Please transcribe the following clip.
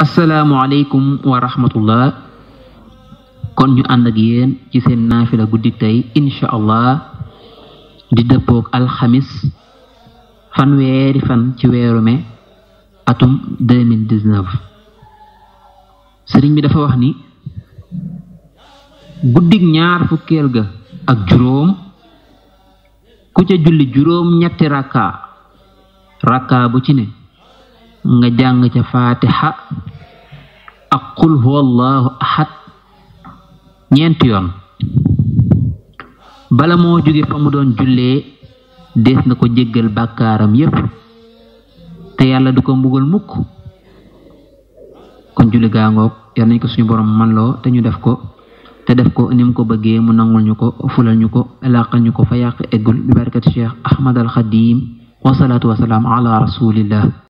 Assalamualaikum warahmatullah. rahmatullah kon ñu and ak yeen ci seen nafila guddi tay inshallah allah di dëppoog al khamis fan ci wéru me atum 2019 sëriñ bi dafa wax ni guddi ñaar fukkeel ga ak juroom ku ca julli juroom ñetti raka raka bu ci ne nga jang ca fatiha Kul huwallahu ahad ñent yoon bala mo jóge famu mu doon jullee des na ko jéggal bakaram yépp te yalla du ko mbugal mukk kon ga ngok yalla nañ ko suñu borom lo te ñu def ko te def ko nim ko bëggee mu nangul ñu ko fulal ñu ko laqal ñu ko fa yaq eggul bi barakati cheikh ahmad al khadim wa salatu wa salam ala rasulillah